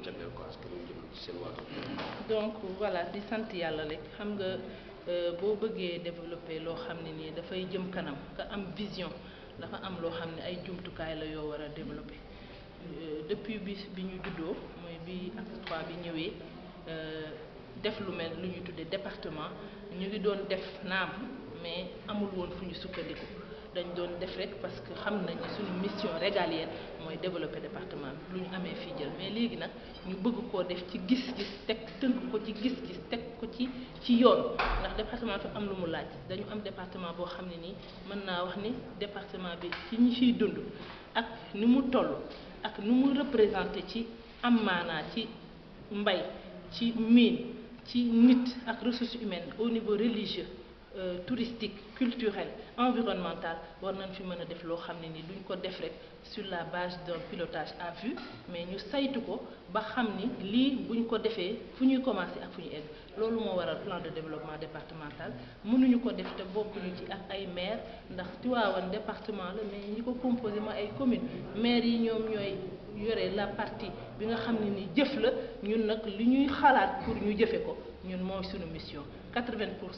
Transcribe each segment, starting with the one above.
koy jagleel donc voilà di sant yàlla rek xam nga euh, boo bëggee développer loo xam ne nii dafay jëm kanam nga am vision dafa am loo xam ne ay jumtukaay la yoo war a développer euh, depuis bi bi ñu juddoo mooy bi acte trois bi ñëwee euh, def lu mel lu ñu tuddee département ñu ngi doon def naam mais amul woon fu ñu sukkandiku. dañ doon def rek parce que xam nañ ne suñu mission régalienne mooy développer département bi lu ñu amee fii jël mais léegi nag ñu bëgg koo def ci gis-gis teg tënk ko ci gis-gis teg ko ci ci yoon ndax département bi am lu mu laaj dañu am département boo xam ne nii mën naa wax ni département bi ci ñi ciy dund ak ni mu toll ak ni mu représenté ci am maanaa ci mbay ci miin ci nit ak ressources humaines au niveau religieux Euh, touristique culturelle environnementale war nañ fi mën a def loo xam ne ni duñ ko def rek sur la base d'un pilotage à vue mais ñu saytu ko ba xam ni lii buñ ko defee fu ñuy commencer ak fu ñu egg loolu moo waral plan de développement départemental mënuñu ko def te bokkuñu ci ak ay maire ndax Tivaouane département la mais ñi ko composé ma ay commune maire yi ñoom ñooy yore la partie bi nga xam ne ni jëf la ñun nag li ñuy xalaat pour ñu jëfe ko ñun mooy suñu mission 80 pour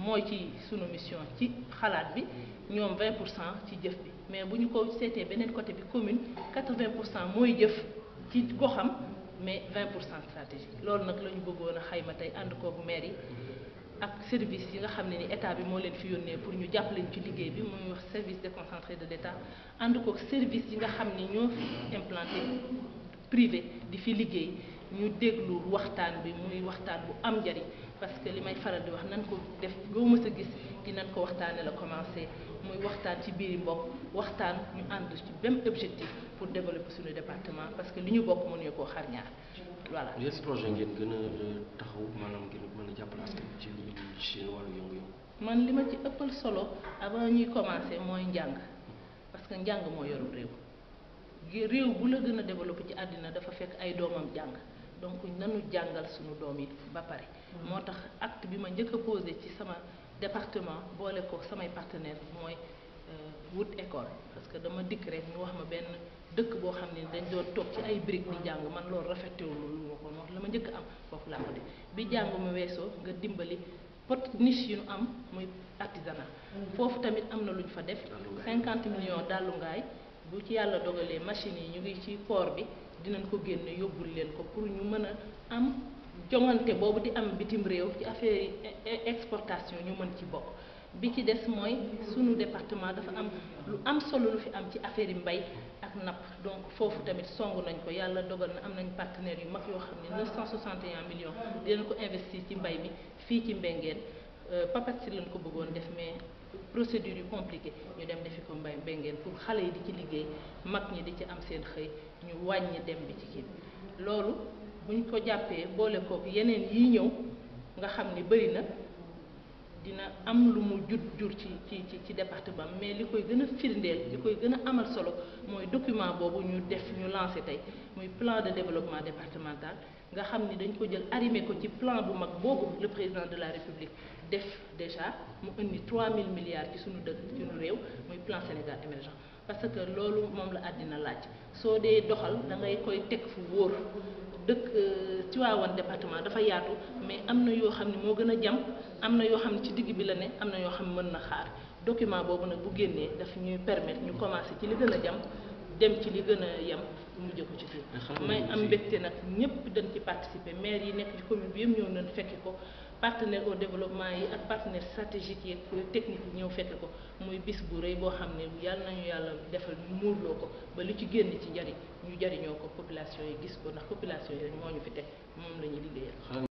mooy ci sunu mission ci xalaat bi ñoom 20 pour cent ci jëf bi mais bu ñu ko seetee beneen côté bi commune 80 pour cent mooy jëf ci goxam mais 20 pour cent stratégie loolu nag la ñu bëggoon a xayma tey ànd koog maire yi ak service yi nga xam ne ni état bi moo leen fi yónnee pour ñu jàpp ñu ci liggéey bi muy wax service déconcentré de l'État ànd koog service yi nga xam ni ñoo fi implanté privé di fi liggéey ñu déglu waxtaan bi muy waxtaan bu am njariñ parce que li may faral di wax nan ko def loo mës a gis dinañ ko waxtaane la commencé muy waxtaan ci biir mbokk waxtaan ñu ànd ci même objectif pour développer suñu département parce que li ñu bokk mënuñu koo xar ñaar voilà. yan projet ngeen gën a euh, taxaw maanaam ngeen mën a jàppale askan ci li ci man li ma ci ëppal solo avant ñuy commencé mooy njàng parce que njàng moo yoru réew réew bu la gën a développer ci àddina dafa fekk ay doomam jàng. donc nanu jàngal suñu doom yi ba pare mm-hmm. moo tax acte bi ma njëkk a posé ci sama département boole ko samay partenaire mooy euh, wut école parce que dama dikk rek ñu wax ma benn dëkk boo xam ne dañ doo toog ci ay briques di jàng man loolu rafetewul lu ma ko wax la ma njëkk am foofu laa ko def bi jàng mu weesoo nga dimbali pot niche yu ñu am muy artisanat mm-hmm. foofu tamit am na lu ñu fa def cinquante millions dallu ngaay bu ci yàlla dogalee machine yi ñu ngi ci port bi dinañ ko génne yóbbul leen ko pour ñu mën a am joŋante boobu di am bitim réew ci affaire e-, e-, exportation ñu mën ci bokk bi ci des mooy sunu département dafa am lu am solo lu fi am ci affaire yi mbay ak napp donc foofu tamit songu nañ ko yàlla dogal na am nañ partenaires yu mag yoo xam ne 961 millions dinañ ko investir ci mbay mi fii ci Mbengeen Euh, papat si lañ ko bëggoon def mais procédure yu compliqué ñu dem defi ko mbay mbéngeen pour xale yi di ci liggéey mag ñi di ci am seen xëy ñu wàññi dem bi ci kii loolu buñ ko jàppee boole kook yeneen yi ñëw nga xam ni bëri na dina am lu mu jur jur ci ci ci ci département mais li koy gën a firndeel li koy gën a amal solo mooy document boobu ñu def ñu lancé tey muy plan de développement départemental nga xam ni dañ ko jël arrimé ko ci plan bu mag boobu le président de la république def déjà mu indi mille milliards ci suñu dëkk ci suñu réew muy plan Sénégal émergent parce que loolu moom la àddina laaj soo dee doxal da koy teg fu wóor dëkk Tivaouane département dafa yaatu mais am na yoo xam ne moo gën a jam am na yoo xam ne ci digg bi la ne am na yoo xam ne mën na xaar document boobu nag bu génnee daf ñuy permettre ñu commencé ci li gën a jam dem ci li gën a yem mu jëkku ci biir may am mbégte nag ñëpp dañ ci participer maire yi nekk ci commune bi yëpp ñëw nañ fekki ko partenaire au développement yi ak partenaire stratégique yi technique yu ñëw fekk ko mooy bis bu rëy boo xam ne yàlla nañu yàlla defal ñu muurloo ko ba lu ci génn ci njariñ ñu jariñoo ko population yi gis ko ndax population yi moo ñu fi teg moom la ñuy liggéeyal